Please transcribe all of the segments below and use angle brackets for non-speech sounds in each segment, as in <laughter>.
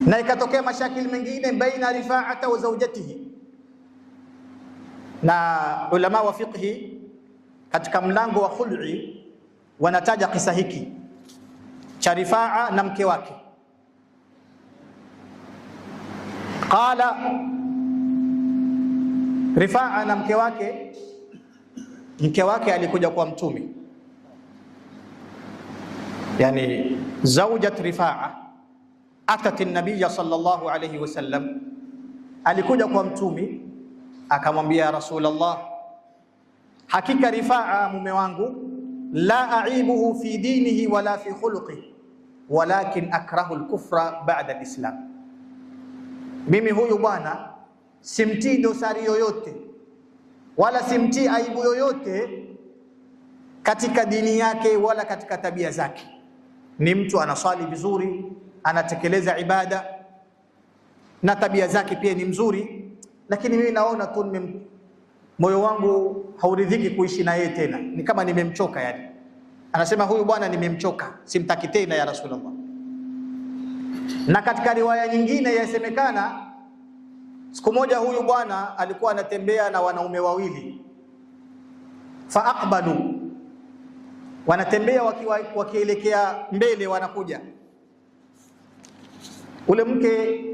na ikatokea mashakili mengine baina rifaata wa zaujatihi. Na ulama wa fiqhi katika mlango wa khul'i wanataja kisa hiki cha rifaa na mke wake, qala rifaa na mke wake, mke wake alikuja kwa mtume, yani zaujat rifaa atat nabiyya sallallahu alayhi wasallam, alikuja kwa mtumi akamwambia ya Rasulullah, hakika Rifaa mume wangu, la aibuhu fi dinihi wala fi khuluqihi walakin akrahu al-kufra ba'da al mimi huyu bwana simtii dosari yoyote wala simtii aibu yoyote katika dini yake wala katika tabia zake. Ni mtu anaswali vizuri anatekeleza ibada na tabia zake pia ni mzuri, lakini mimi naona tu moyo wangu hauridhiki kuishi na yeye tena, ni kama nimemchoka. Yani anasema huyu bwana nimemchoka, simtaki tena ya Rasulullah. Na katika riwaya nyingine yasemekana siku moja huyu bwana alikuwa anatembea na wanaume wawili, fa aqbalu, wanatembea wakielekea waki mbele, wanakuja Ule mke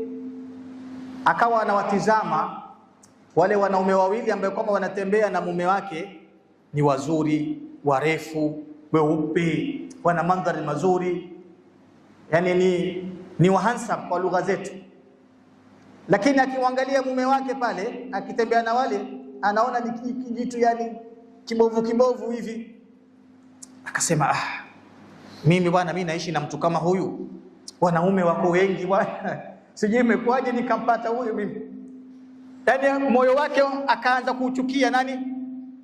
akawa anawatizama wale wanaume wawili ambao kwamba wanatembea na mume wake, ni wazuri, warefu, weupe, wana mandhari mazuri, yani ni ni wahansa kwa lugha zetu. Lakini akimwangalia mume wake pale akitembea na wale, anaona ni kijitu, yani kibovu kibovu hivi. Akasema ah, mimi bwana, mimi naishi na mtu kama huyu Wanaume wako wengi <laughs> bwana, sijui imekuwaje nikampata huyu mimi. Yaani moyo wake akaanza kuchukia nani?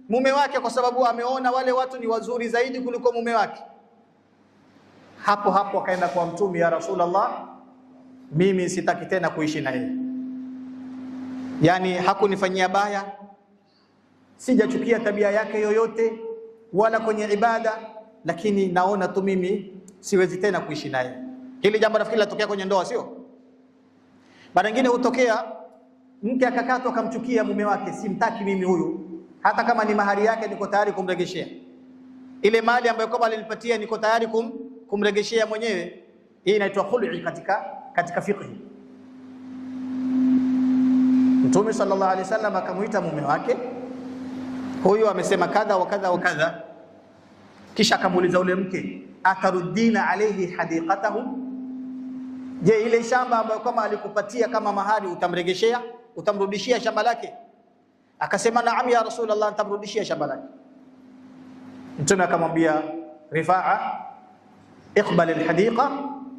Mume wake, kwa sababu ameona wale watu ni wazuri zaidi kuliko mume wake. Hapo hapo akaenda kwa Mtume, ya Rasulullah, mimi sitaki tena kuishi na yeye. yani hakunifanyia baya, sijachukia tabia yake yoyote, wala kwenye ibada, lakini naona tu mimi siwezi tena kuishi naye. Hili jambo nafikiri latokea kwenye ndoa, sio? Mara nyingine hutokea mke akakatwa akamchukia mume wake, simtaki mimi huyu, hata kama ni mahari yake niko tayari kumregeshea. Ile mali ambayo kwamba alinipatia niko tayari kum, kumregeshea mwenyewe. Hii inaitwa khulu'i katika katika fiqh. Mtume sallallahu alaihi wasallam akamuita mume wake huyu, amesema kadha wa kadha wa kadha, kisha akamuuliza ule mke, atarudina alayhi hadiqatahu Je, ile shamba ambayo kama alikupatia kama mahari utamregeshea? Utamrudishia shamba lake? Akasema naam, ya Rasulullah, nitamrudishia shamba lake. Mtume akamwambia Rifaa, iqbal alhadiqa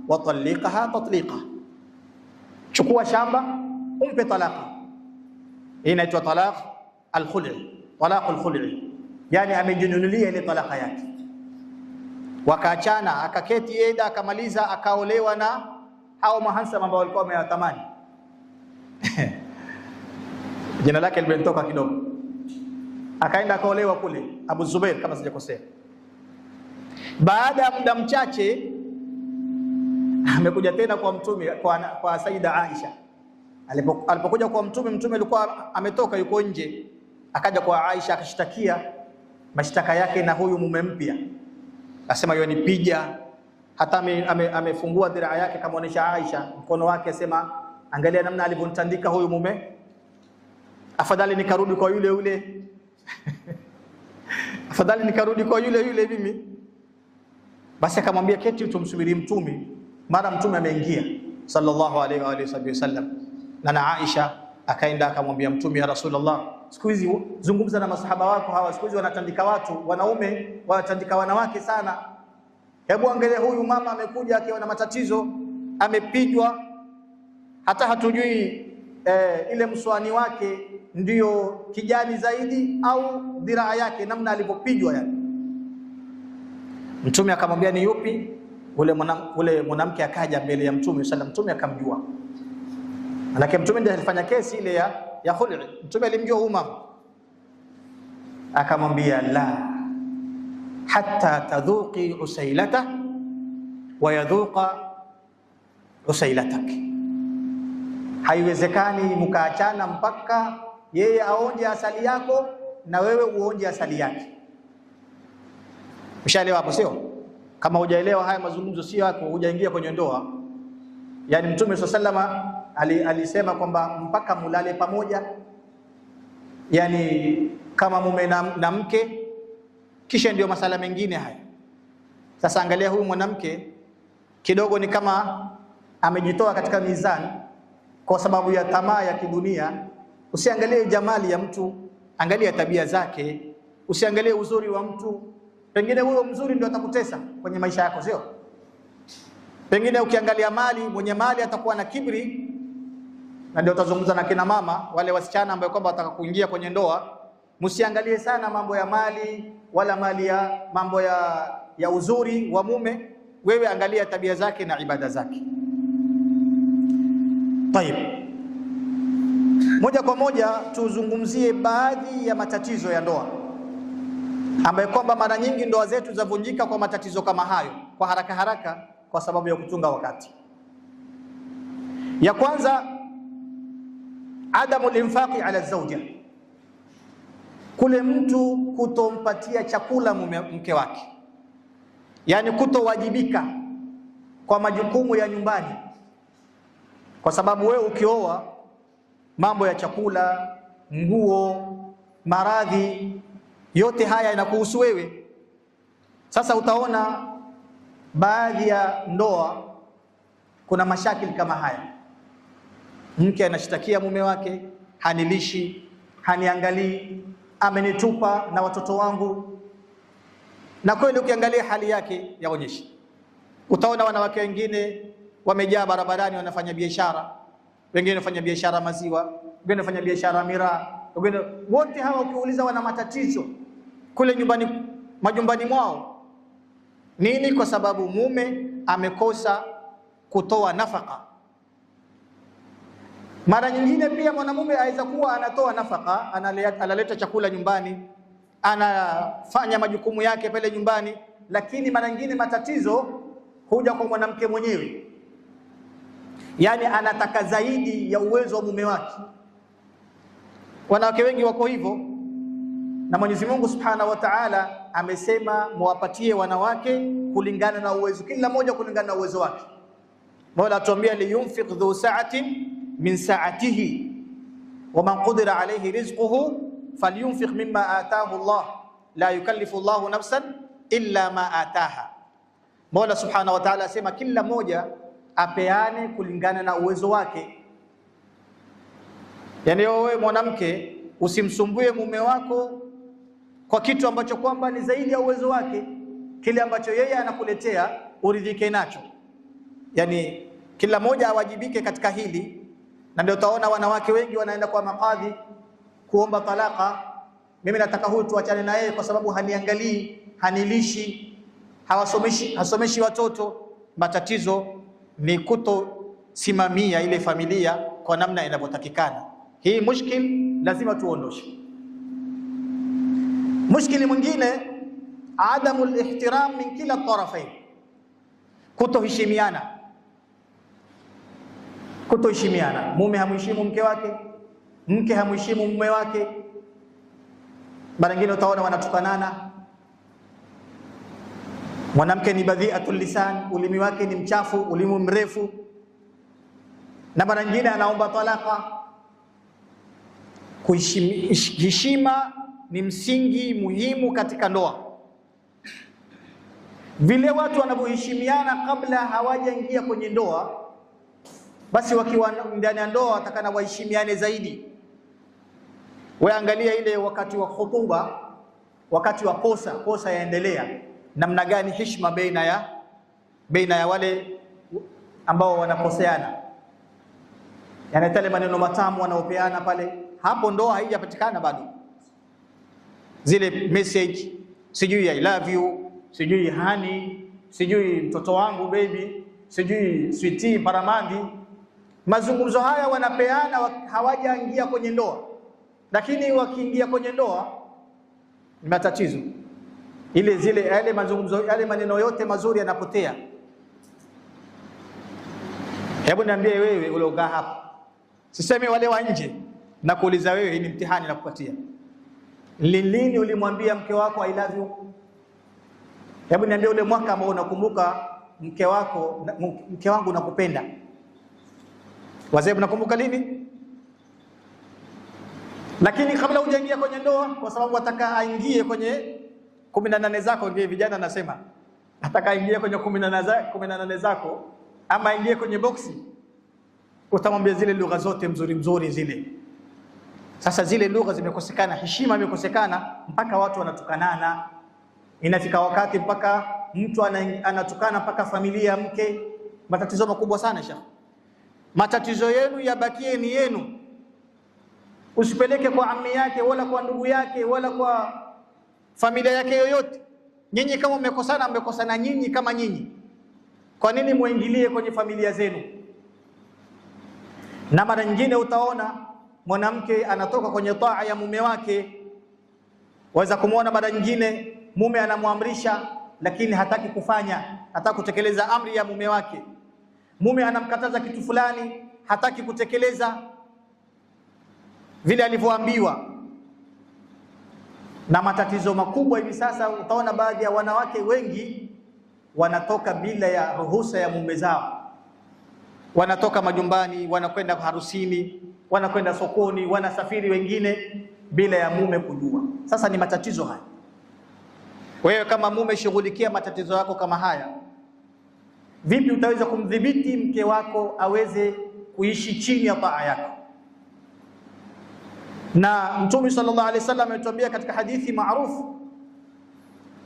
wa talliqaha tatliqa, chukua shamba umpe talaka. Hii inaitwa talaq alkhul'i, talaq alkhul'i, yani amejinunulia ile talaka yake. Wakaachana, akaketi yeye akamaliza, akaolewa na hao mahansam ambao walikuwa wamewatamani <laughs> jina lake limetoka kidogo, akaenda akaolewa kule Abu Zubair kama sijakosea. Baada ya muda mchache amekuja tena kwa mtume kwa, kwa Saida Aisha. Alipokuja kwa mtume, mtume alikuwa ametoka yuko nje, akaja kwa Aisha akashtakia mashtaka yake na huyu mume mpya, akasema pija hata amefungua ame, ame dhiraa yake kamwonyesha Aisha mkono wake, asema angalia namna alivyonitandika huyu mume, afadhali nikarudi kwa yule yule <laughs> afadhali nikarudi kwa yule yule mimi. Basi akamwambia keti, tumsubiri mtume. Mara mtume ameingia sallallahu alaihi wa alihi wasallam, na na Aisha akaenda akamwambia mtume, ya Rasulullah, siku hizi zungumza na masahaba wako hawa, siku hizi wanatandika watu wanaume wanatandika wanawake sana Hebu angalia huyu mama amekuja akiwa na matatizo, amepigwa hata hatujui eh, ile mswani wake ndiyo kijani zaidi au dhiraa yake, namna alivyopigwa yani. Mtume akamwambia ni yupi ule mwanamke? Ule mwanamke akaja mbele ya Mtume sala, Mtume akamjua, manake Mtume ndiye alifanya kesi ile ya ya khul'i. Mtume alimjua huyu mama, akamwambia la hatta tadhuqi usailata wa yadhuqa usailatak, haiwezekani mkaachana mpaka yeye aonje asali yako na wewe uonje asali yake. ushaelewa hapo, sio? Kama hujaelewa haya mazungumzo sio yako, hujaingia kwenye ndoa. Yaani Mtume swalla sallama alisema kwamba mpaka mulale pamoja, yani kama mume na, na mke kisha ndio masala mengine haya. Sasa angalia, huyu mwanamke kidogo ni kama amejitoa katika mizani kwa sababu ya tamaa ya kidunia. Usiangalie jamali ya mtu, angalia tabia zake. Usiangalie uzuri wa mtu, pengine huyo mzuri ndio atakutesa kwenye maisha yako, sio? Pengine ukiangalia mali, mwenye mali atakuwa na kibri, na ndio utazungumza na kina mama wale wasichana ambao kwamba wataka kuingia kwenye ndoa Msiangalie sana mambo ya mali wala mali ya mambo ya, ya uzuri wa mume. Wewe angalia tabia zake na ibada zake. Tayib, moja kwa moja tuzungumzie baadhi ya matatizo ya ndoa ambayo kwamba mara nyingi ndoa zetu zavunjika kwa matatizo kama hayo, kwa haraka haraka, kwa sababu ya kutunga wakati. Ya kwanza, adamu linfaqi ala zawja kule mtu kutompatia chakula mume, mke wake, yaani kutowajibika kwa majukumu ya nyumbani, kwa sababu wewe ukioa mambo ya chakula, nguo, maradhi, yote haya inakuhusu wewe. Sasa utaona baadhi ya ndoa kuna mashakili kama haya, mke anashtakia mume wake, hanilishi, haniangalii amenitupa na watoto wangu. Na kweli ukiangalia hali yake yaonyeshi utaona wanawake wengine wamejaa barabarani, wanafanya biashara, wengine wanafanya biashara maziwa, wengine wanafanya biashara miraa, wengine wote hawa ukiuliza, wana matatizo kule nyumbani, majumbani mwao. Nini? Kwa sababu mume amekosa kutoa nafaka mara nyingine pia mwanamume aweza kuwa anatoa nafaka, analeta chakula nyumbani, anafanya majukumu yake pale nyumbani, lakini mara nyingine matatizo huja kwa mwanamke mwenyewe, yaani anataka zaidi ya uwezo wa mume wake. Wanawake wengi wako hivyo, na Mwenyezi Mungu Subhanahu wa Ta'ala amesema mwapatie wanawake kulingana na uwezo, kila mmoja kulingana na uwezo wake. Mola atuambia liyunfiq dhu sa'atin min saatihi wa man qudira alayhi rizquhu falyunfiq mimma ataahu Allah la yukallifu Allahu nafsan illa ma ataha. Mola Subhanahu wa Ta'ala asema kila mmoja apeane kulingana na uwezo wake. Yaani wewe mwanamke usimsumbue mume wako kwa kitu ambacho kwamba ni zaidi ya uwezo wake, kile ambacho yeye anakuletea uridhike nacho. Yaani kila mmoja awajibike katika hili na ndio utaona wanawake wengi wanaenda kwa makadhi kuomba talaka. Mimi nataka huyu tuachane na yeye kwa sababu haniangalii, hanilishi, hawasomeshi, hasomeshi watoto. Matatizo ni kutosimamia ile familia kwa namna inavyotakikana. Hii mushkil lazima tuondoshe. Mushkili mwingine adamu ihtiram min kila tarafain, kutoheshimiana kutoheshimiana. Mume hamheshimu mke wake, mke hamheshimu mume wake. Mara nyingine utaona wanatukanana. Mwanamke ni badhiatul lisan, ulimi wake ni mchafu, ulimi mrefu, na mara nyingine anaomba talaka. Heshima ni msingi muhimu katika ndoa. Vile watu wanavyoheshimiana kabla hawajaingia kwenye ndoa basi wakiwa ndani ya ndoa watakana waheshimiane zaidi. Wewe angalia ile wakati wa khutuba, wakati wa kosa kosa yaendelea, namna gani heshima baina ya baina ya wale ambao wanakoseana, yaani yale maneno matamu wanaopeana pale, hapo ndoa haijapatikana bado. Zile message sijui I love you, sijui hani, sijui mtoto wangu baby, sijui sweetie, paramandi Mazungumzo haya wanapeana hawajaingia kwenye ndoa, lakini wakiingia kwenye ndoa ni matatizo. Ile zile yale mazungumzo yale maneno yote mazuri yanapotea. Hebu niambie wewe uliokaa hapa, siseme wale wa nje, na kuuliza wewe, hii ni mtihani nakupatia kupatia. Lilini ulimwambia mke wako I love you? Hebu niambie ule mwaka ambao unakumbuka mke wako, mke wangu nakupenda Wazee mnakumbuka lini? Lakini kabla hujaingia kwenye ndoa, kwa sababu ataka aingie kwenye kumi na nane zako, ndio vijana nasema ataka aingie kwenye kumi na nane zako ama aingie kwenye boksi, utamwambia zile lugha zote mzuri mzuri zile. Sasa zile lugha zimekosekana, heshima imekosekana, mpaka watu wanatukanana. Inafika wakati mpaka mtu anatukana mpaka familia ya mke. Matatizo makubwa sana shekhi matatizo yenu yabakie ni yenu, usipeleke kwa ammi yake wala kwa ndugu yake wala kwa familia yake yoyote. Nyinyi kama mmekosana, mmekosana nyinyi kama nyinyi. Kwa nini muingilie kwenye familia zenu? Na mara nyingine utaona mwanamke anatoka kwenye taa ya mume wake, waweza kumwona mara nyingine mume anamwamrisha, lakini hataki kufanya, hataki kutekeleza amri ya mume wake mume anamkataza kitu fulani, hataki kutekeleza vile alivyoambiwa. Na matatizo makubwa hivi sasa, utaona baadhi ya wanawake wengi wanatoka bila ya ruhusa ya mume zao, wanatoka majumbani, wanakwenda harusini, wanakwenda sokoni, wanasafiri wengine bila ya mume kujua. Sasa ni matatizo haya. Wewe kama mume, shughulikia matatizo yako kama haya. Vipi utaweza kumdhibiti mke wako aweze kuishi chini ya taa yako? Na Mtume sallallahu alaihi wasallam ametuambia katika hadithi maarufu,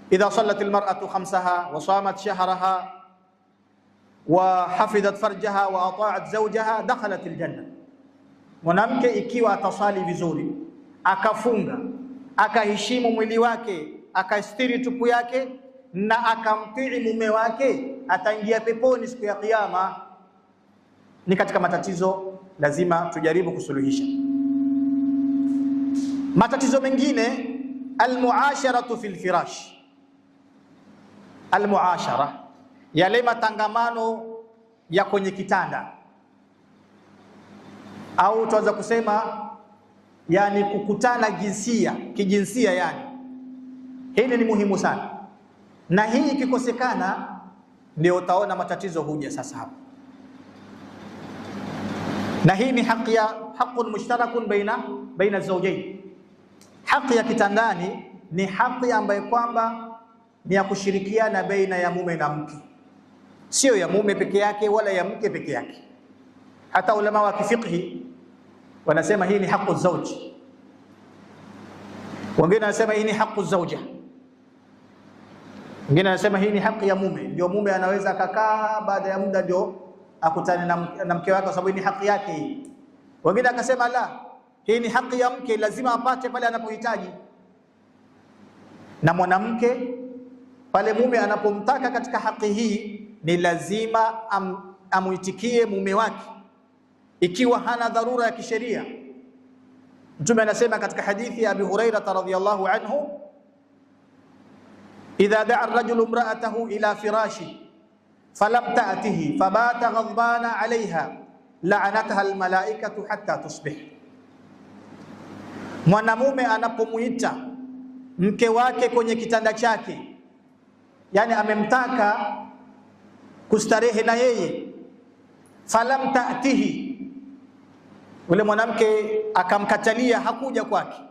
idha sallat almar'atu khamsaha wa samat shahraha wa hafidhat farjaha wa ata'at zawjaha dakhalat aljanna, mwanamke ikiwa atasali vizuri, akafunga, akaheshimu mwili wake, akastiri tupu yake na akamtii mume wake ataingia peponi siku ya Kiyama. Ni katika matatizo lazima tujaribu kusuluhisha. Matatizo mengine almuasharatu fil firash, almuashara, yale matangamano ya kwenye kitanda, au tuanza kusema yani kukutana jinsia kijinsia, yani hili ni muhimu sana na hii ikikosekana ndio utaona matatizo huja sasa hapa. Na hii ni haki ya haqqun mushtarakun baina baina zawjayn, haki ya kitandani ni haki ambayo kwamba ni ya kushirikiana baina ya mume na mke, sio ya mume peke yake wala ya mke peke yake. Hata ulama wa kifiqhi wanasema hii ni haqu zawj, wengine wanasema hii ni haqu zawja Mwingine anasema hii ni haki ya mume, ndio mume anaweza akakaa, baada ya muda ndio akutane na mke wake, kwa sababu ni haki yake hii. Wengine akasema la, hii ni haki ya mke, lazima apate pale anapohitaji na mwanamke pale mume anapomtaka katika haki hii ni lazima am, amuitikie mume wake ikiwa hana dharura ya kisheria. Mtume anasema katika hadithi ya Abi Hurairah radhiyallahu anhu idha daa rajulu imra'atahu ila firashi falam ta'tihi fabata ghadbana 'alayha la'anatha almalaikatu hatta tusbih, mwanamume anapomuita mke wake kwenye kitanda chake, yani amemtaka kustarehe na yeye, falam ta'tihi, ule mwanamke akamkatalia, hakuja kwake,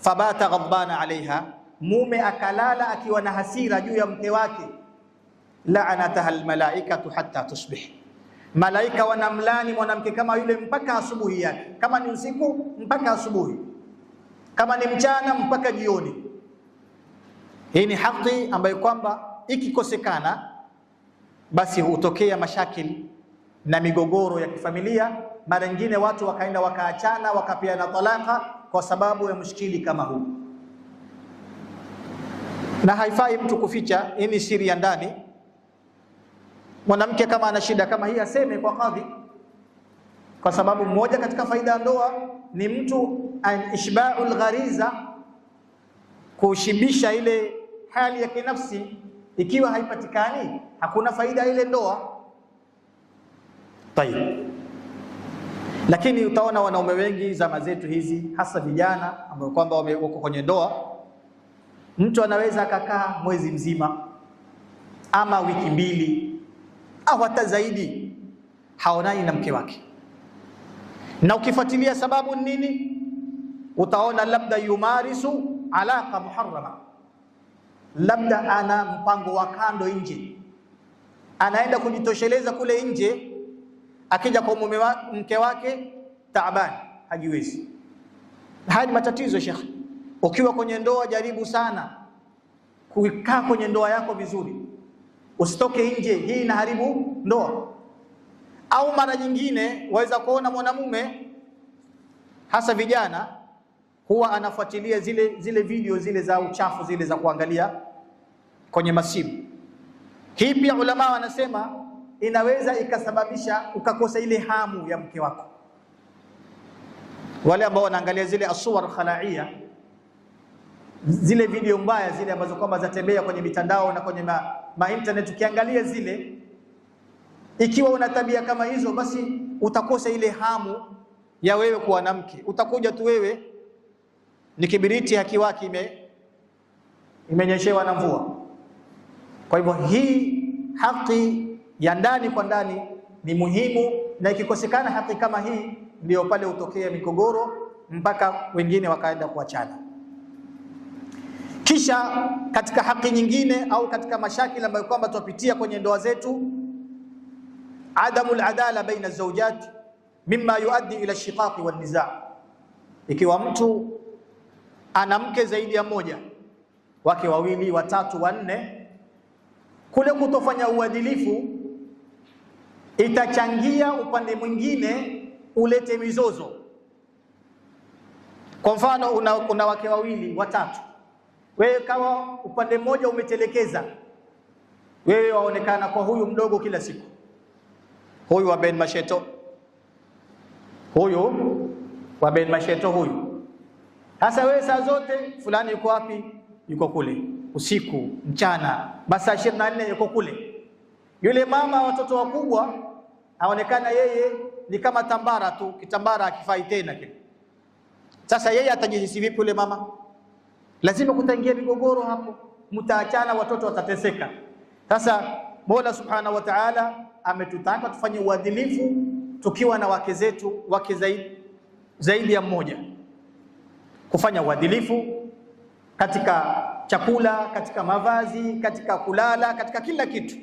fabata ghadbana 'alayha mume akalala akiwa na hasira juu ya mke wake, laanataha almalaikatu hatta tusbih, malaika wanamlani mwanamke kama yule mpaka asubuhi yake, kama ni usiku mpaka asubuhi, kama ni mchana mpaka jioni. Hii ni haki ambayo kwamba ikikosekana, basi hutokea mashakili na migogoro ya kifamilia. Mara nyingine watu wakaenda wakaachana, wakapeana talaka kwa sababu ya mshikili kama huu na haifai mtu kuficha, hii ni siri ya ndani. Mwanamke kama ana shida kama hii aseme kwa kadhi, kwa sababu mmoja katika faida ya ndoa ni mtu ishbaul ghariza, kushibisha ile hali ya kinafsi. Ikiwa haipatikani hakuna faida ile ndoa. Tayeb, lakini utaona wanaume wengi zama zetu hizi, hasa vijana ambao kwamba wako kwenye ndoa Mtu anaweza akakaa mwezi mzima ama wiki mbili au hata zaidi, haonani na mke wake, na ukifuatilia sababu nini, utaona labda yumarisu alaka muharrama, labda ana mpango wa kando nje, anaenda kujitosheleza kule nje, akija kwa mume wa mke wake taabani, hajiwezi. Haya ni matatizo shekhi. Ukiwa kwenye ndoa, jaribu sana kukaa kwenye ndoa yako vizuri, usitoke nje, hii inaharibu ndoa. Au mara nyingine waweza kuona mwanamume hasa vijana huwa anafuatilia zile zile video zile za uchafu zile za kuangalia kwenye masimu. Hii pia ulama wanasema inaweza ikasababisha ukakosa ile hamu ya mke wako. Wale ambao wanaangalia zile aswar khalaia zile video mbaya zile ambazo kwamba zatembea kwenye mitandao na kwenye ma, ma internet, ukiangalia zile, ikiwa una tabia kama hizo, basi utakosa ile hamu ya wewe kuwa na mke. Utakuja tu wewe ni kibiriti hakiwaki, ime imenyeshewa na mvua. Kwa hivyo hii haki ya ndani kwa ndani ni muhimu, na ikikosekana haki kama hii, ndio pale utokee migogoro mpaka wengine wakaenda kuachana. Kisha katika haki nyingine au katika mashakili ambayo kwamba tunapitia kwenye ndoa zetu, adamu aladala baina zawjat mimma yuaddi ila shiqaqi wan nizaa, ikiwa mtu ana mke zaidi ya moja wake wawili, watatu, wanne, kule kutofanya uadilifu itachangia upande mwingine ulete mizozo. Kwa mfano una, una wake wawili watatu wewe kama upande mmoja umetelekeza, wewe waonekana kwa huyu mdogo kila siku, huyu wa Ben Masheto, huyu wa Ben Masheto, huyu hasa. Wewe saa zote fulani yuko wapi? Yuko kule usiku, mchana, masaa 24 yuko kule. Yule mama watoto wakubwa aonekana yeye ni kama tambara tu, kitambara akifai tena kile. Sasa yeye atajihisi vipi yule mama? lazima kutangia migogoro hapo, mtaachana, watoto watateseka. Sasa Mola Subhanahu wa Ta'ala ametutaka tufanye uadilifu tukiwa na wake zetu, wake zaidi zaidi ya mmoja, kufanya uadilifu katika chakula, katika mavazi, katika kulala, katika kila kitu.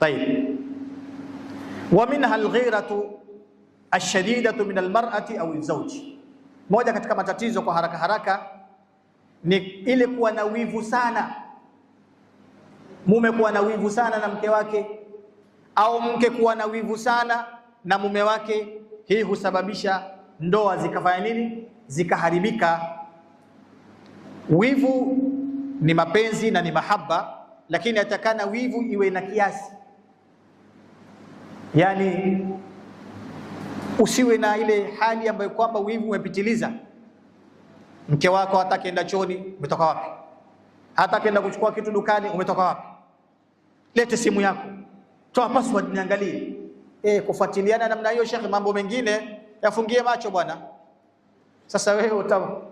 Tayeb, wa minha alghiratu ashadidatu min almar'ati au alzawji. Moja katika matatizo kwa haraka haraka ni ile kuwa na wivu sana, mume kuwa na wivu sana na mke wake, au mke kuwa na wivu sana na mume wake. Hii husababisha ndoa zikafanya nini? Zikaharibika. Wivu ni mapenzi na ni mahaba, lakini atakana wivu iwe na kiasi, yaani usiwe na ile hali ambayo kwamba wivu umepitiliza Mke wako hataki choni chooni, umetoka wapi? Hata enda kuchukua kitu dukani, umetoka wapi? Lete simu yako, toa password niangalie. Eh, kufuatiliana namna hiyo, shekhi, mambo mengine yafungie macho bwana. Sasa wewe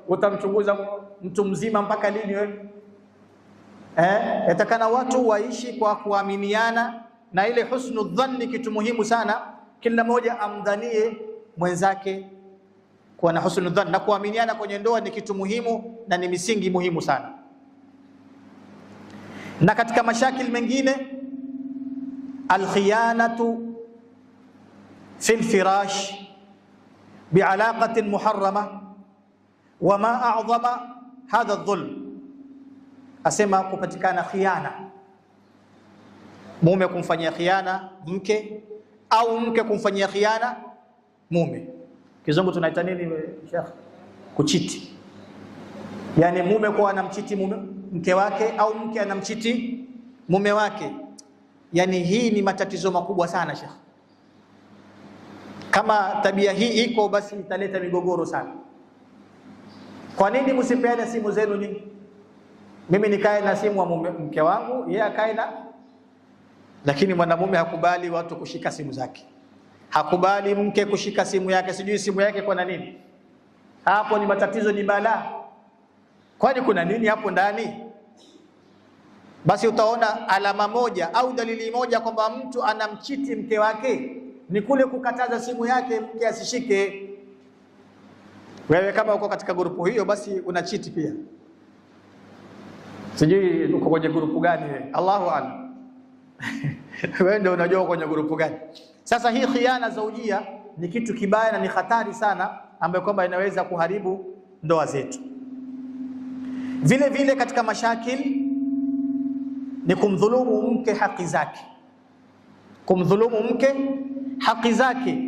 utamchunguza uta mtu mzima mpaka lini wewe? Eh, yatakana watu waishi kwa kuaminiana na ile husnu dhanni, kitu muhimu sana. Kila mmoja amdhanie mwenzake kuwa na husnul dhann na kuaminiana kwenye ndoa ni kitu muhimu na ni misingi muhimu sana. Na katika mashakil mengine, alkhiyanatu fi lfirash bialaqatin muharrama wa ma a'dhama hadha dhulm, asema kupatikana khiana, mume kumfanyia khiana mke au mke kumfanyia khiana mume Kizungu tunaita nini Sheikh? Kuchiti. Yaani mume kwa anamchiti mume mke wake au mke anamchiti mume wake. Yaani hii ni matatizo makubwa sana Sheikh. Kama tabia hii iko basi italeta migogoro sana. Kwa nini msipeane simu zenu nyingi? Mimi nikae na simu wa mume, mke wangu, yeye akae na lakini mwanamume hakubali watu kushika simu zake hakubali mke kushika simu yake, sijui simu yake kwa nini. Hapo ni matatizo, ni balaa. Kwani kuna nini hapo ndani? Basi utaona alama moja au dalili moja kwamba mtu anamchiti mke wake ni kule kukataza simu yake mke asishike. Wewe kama uko katika grupu hiyo, basi unachiti pia. Sijui uko kwenye grupu gani Allahu a'lam. <laughs> Wewe ndio unajua kwenye grupu gani. Sasa hii khiana zaujia ni kitu kibaya na ni hatari sana, ambayo kwamba inaweza kuharibu ndoa zetu. Vile vile katika mashakili ni kumdhulumu mke haki zake, kumdhulumu mke haki zake.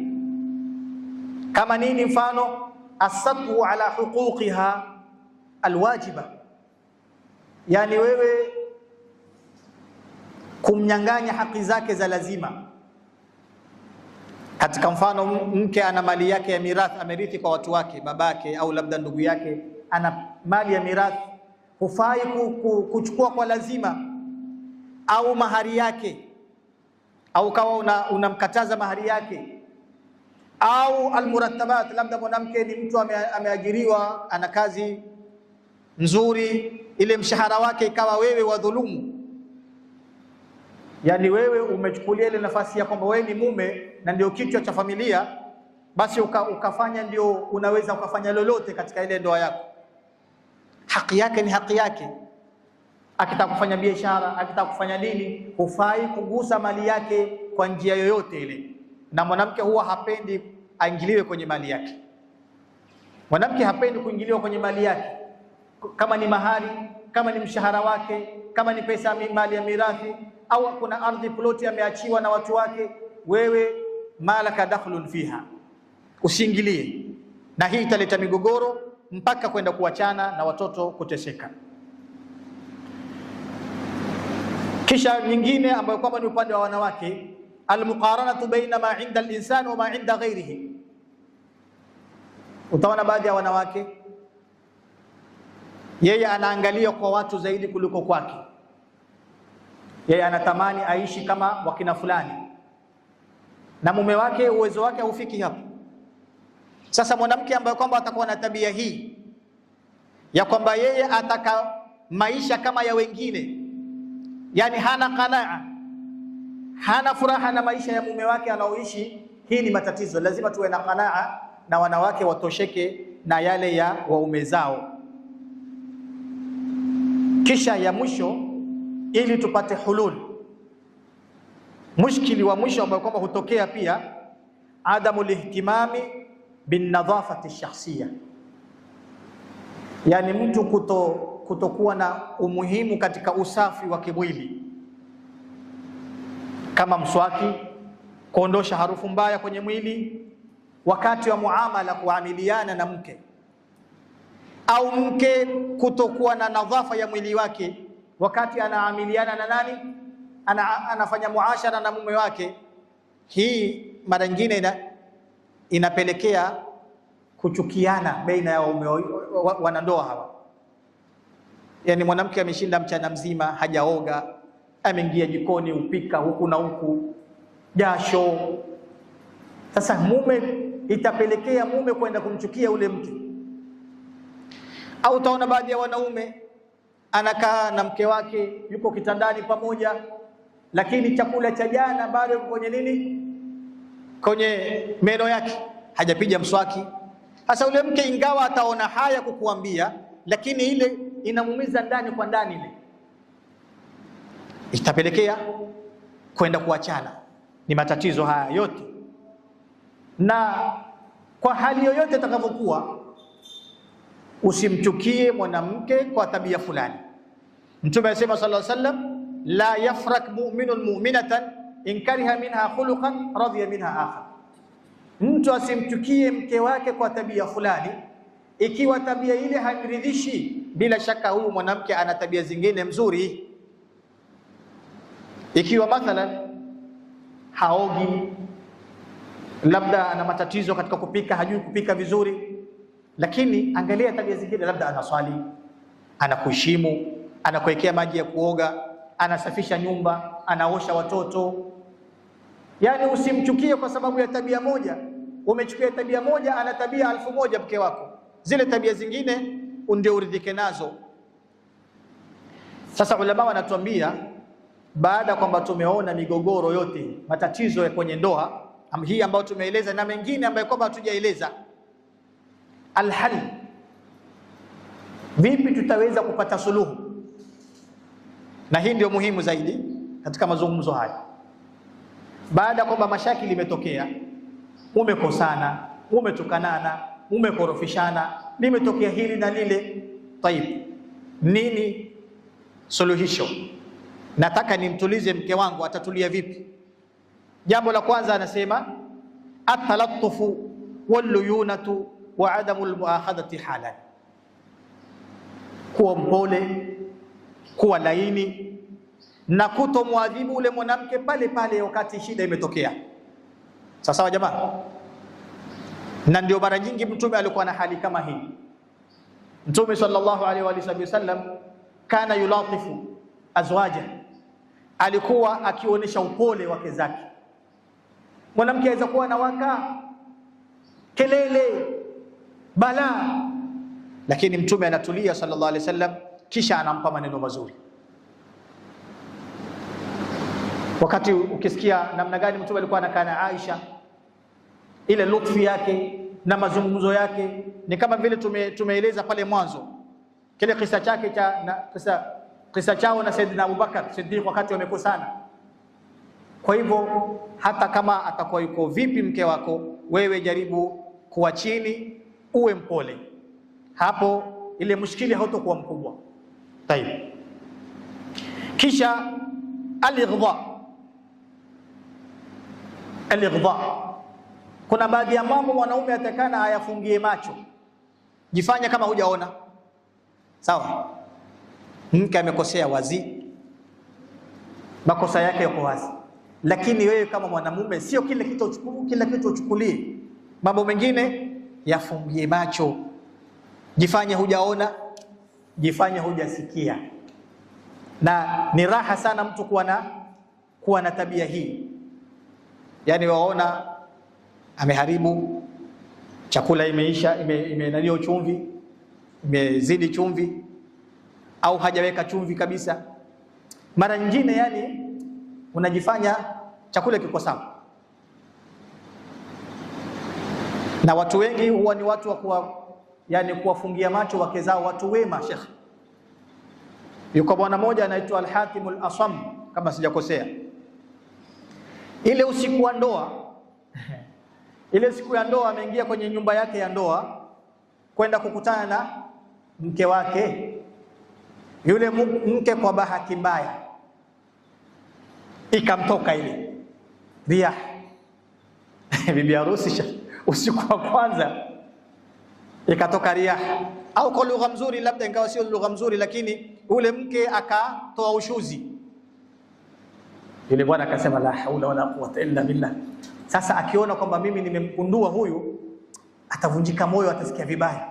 Kama nini? Mfano, asatu ala huquqiha alwajiba, yani wewe kumnyang'anya haki zake za lazima katika mfano, mke ana mali yake ya mirathi, amerithi kwa watu wake, babake au labda ndugu yake, ana mali ya mirathi, hufai kuchukua kwa lazima, au mahari yake, au kawa unamkataza una mahari yake au almuratabat, labda mwanamke ni mtu ameajiriwa, ana kazi nzuri, ile mshahara wake ikawa wewe wadhulumu yaani wewe umechukulia ile nafasi ya kwamba wewe ni mume na ndio kichwa cha familia, basi uka, ukafanya ndio unaweza ukafanya lolote katika ile ndoa yako. Haki yake ni haki yake. Akitaka kufanya biashara, akitaka kufanya nini, hufai kugusa mali yake kwa njia yoyote ile, na mwanamke huwa hapendi aingiliwe kwenye mali yake. Mwanamke hapendi kuingiliwa kwenye mali yake, kama ni mahari, kama ni mshahara wake, kama ni pesa, mali ya mirathi au kuna ardhi ploti ameachiwa na watu wake, wewe malaka dakhlun fiha, usiingilie. Na hii italeta migogoro mpaka kwenda kuachana na watoto kuteseka. Kisha nyingine ambayo kwamba ni upande wa wanawake, almuqaranatu baina ma inda linsani wa ma inda ghairihi. Utaona baadhi ya wanawake, yeye anaangalia kwa watu zaidi kuliko kwake yeye anatamani aishi kama wakina fulani, na mume wake uwezo wake haufiki hapo. Sasa mwanamke ambaye kwamba atakuwa na tabia hii ya kwamba yeye ataka maisha kama ya wengine, yani hana qanaa, hana furaha na maisha ya mume wake anaoishi, hii ni matatizo. Lazima tuwe na qanaa na wanawake watosheke na yale ya waume zao. Kisha ya mwisho ili tupate hulul. Mushkili wa mwisho ambao kwamba hutokea pia, adamu lihtimami nadhafati shakhsiya, yani mtu kuto kutokuwa na umuhimu katika usafi wa kimwili kama mswaki, kuondosha harufu mbaya kwenye mwili, wakati wa muamala, kuamiliana na mke au mke kutokuwa na nadhafa ya mwili wake wakati anaamiliana na nani, ana, anafanya muashara na mume wake. Hii mara nyingine ina, inapelekea kuchukiana baina ya waume wanandoa hawa. Yani mwanamke ameshinda mchana mzima hajaoga, ameingia jikoni upika huku na huku, jasho. Sasa mume itapelekea mume kwenda kumchukia ule mtu, au utaona baadhi ya wanaume anakaa na mke wake, yuko kitandani pamoja, lakini chakula cha jana bado kwenye nini, kwenye meno yake, hajapiga mswaki. Sasa yule mke ingawa ataona haya kukuambia, lakini ile inamuumiza ndani kwa ndani, ile itapelekea kwenda kuachana. Ni matatizo haya yote, na kwa hali yoyote atakavyokuwa usimchukie mwanamke kwa tabia fulani. Mtume alisema sallallahu alaihi wasallam, la yafrak mu'minun mu'minatan in kariha minha khuluqan radhiya minha akhar, mtu asimchukie mke wake kwa tabia fulani, ikiwa tabia ile hairidhishi, bila shaka huyu mwanamke ana tabia zingine mzuri. Ikiwa mathalan haogi, labda ana matatizo katika kupika, hajui kupika vizuri lakini angalia tabia zingine, labda anaswali, anakuheshimu, anakuwekea maji ya kuoga, anasafisha nyumba, anaosha watoto. Yaani usimchukie kwa sababu ya tabia moja. Umechukia tabia moja, ana tabia alfu moja mke wako. Zile tabia zingine ndio uridhike nazo. Sasa ulama wanatuambia baada kwamba tumeona migogoro yote, matatizo ya kwenye ndoa hii ambayo tumeeleza na mengine ambayo kwamba hatujaeleza alhal, vipi tutaweza kupata suluhu? Na hii ndio muhimu zaidi katika mazungumzo haya, baada ya kwamba mashaki limetokea, umekosana, umetukanana, umekorofishana, limetokea hili na lile. Taib, nini suluhisho? Nataka nimtulize mke wangu, atatulia vipi? Jambo la kwanza anasema atalatufu walluyunatu wa adamu almuakhadhati halan, kuwa mpole, kuwa laini na kutomwadhibu ule mwanamke pale pale wakati shida imetokea. sawa, jamaa, na ndio mara nyingi Mtume alikuwa na hali kama hii. Mtume sallallahu alaihi wa wasallam kana yulatifu azwaja, alikuwa akionyesha upole wake zake. Mwanamke aweza kuwa anawaka kelele balaa, lakini mtume anatulia sallallahu alaihi wasallam, kisha anampa maneno mazuri. Wakati ukisikia namna gani mtume alikuwa anakaa na Aisha, ile lutfi yake na mazungumzo yake ni kama vile tume, tumeeleza pale mwanzo kile kisa chake cha na, kisa, kisa chao na Saidina Abubakar Siddiq wakati wamekosana. Kwa hivyo hata kama atakuwa yuko vipi mke wako, wewe jaribu kuwa chini uwe mpole, hapo ile mushkili hautokuwa mkubwa. Tayib, kisha alighdha. Alighdha, kuna baadhi ya mambo mwanaume atakana ayafungie macho, jifanya kama hujaona. Sawa, mke amekosea wazi, makosa yake yako wazi, lakini wewe kama mwanamume sio kila kitu uchukulie, mambo mengine yafumbie macho, jifanye hujaona, jifanye hujasikia. Na ni raha sana mtu kuwa na kuwa na tabia hii, yaani waona ameharibu chakula, imeisha imenaliwa, ime chumvi imezidi chumvi, au hajaweka chumvi kabisa. Mara nyingine, yani unajifanya chakula kiko sawa na watu wengi huwa ni watu wa kuwa, yani kuwafungia macho wake zao watu wema. Shekhe, yuko bwana mmoja anaitwa Al-Hatim Al-Asam kama sijakosea. Ile usiku wa ndoa <laughs> ile siku ya ndoa ameingia kwenye nyumba yake ya ndoa kwenda kukutana na mke wake. Yule mke kwa bahati mbaya ikamtoka ile riah <laughs> bibi harusi usiku wa kwanza ikatoka riaha, au kwa lugha mzuri, labda ingawa sio lugha mzuri, lakini ule mke akatoa ushuzi. Yule bwana akasema la haula wala quwwata illa billah. Sasa akiona kwamba mimi nimemkundua huyu, atavunjika moyo, atasikia vibaya.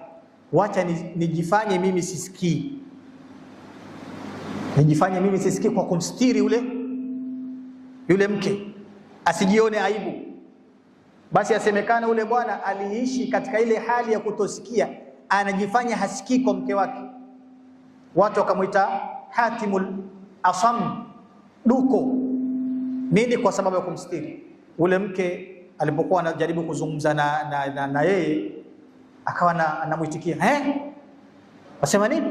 Wacha nijifanye mimi sisikii, nijifanye mimi sisikii, kwa kumstiri ule yule mke asijione aibu basi asemekana ule bwana aliishi katika ile hali ya kutosikia, anajifanya hasikii kwa mke wake. Watu wakamwita Hatimul Asam, duko. Nini? Kwa sababu ya kumstiri ule mke. Alipokuwa anajaribu kuzungumza na, na, na, na yeye akawa anamwitikia eh, wasema nini?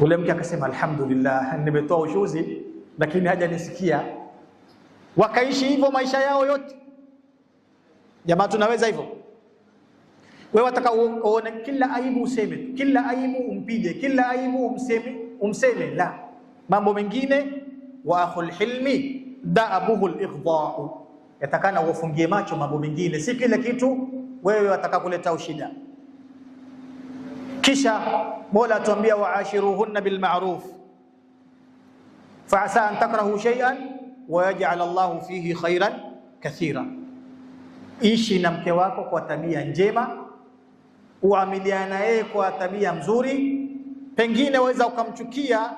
Ule mke akasema alhamdulillah, nimetoa ushuzi lakini hajanisikia. Wakaishi hivyo maisha yao yote. Jamaa, tunaweza hivyo? Wewe watakaoona kila aibu useme, kila aibu umpige, kila aibu umseme, umseme la mambo mengine. Wa akhul hilmi daabuhu al-ighdha'u, yatakana uwafungie macho mambo mengine, si kile kitu wewe watakakuleta ushida. Kisha Mola atuambia waashiruhunna bilma'ruf fa asa an takrahu shay'an wa yaj'al Allahu fihi khairan kathira Ishi na mke wako kwa tabia njema, uamiliana yeye kwa tabia mzuri. Pengine waweza ukamchukia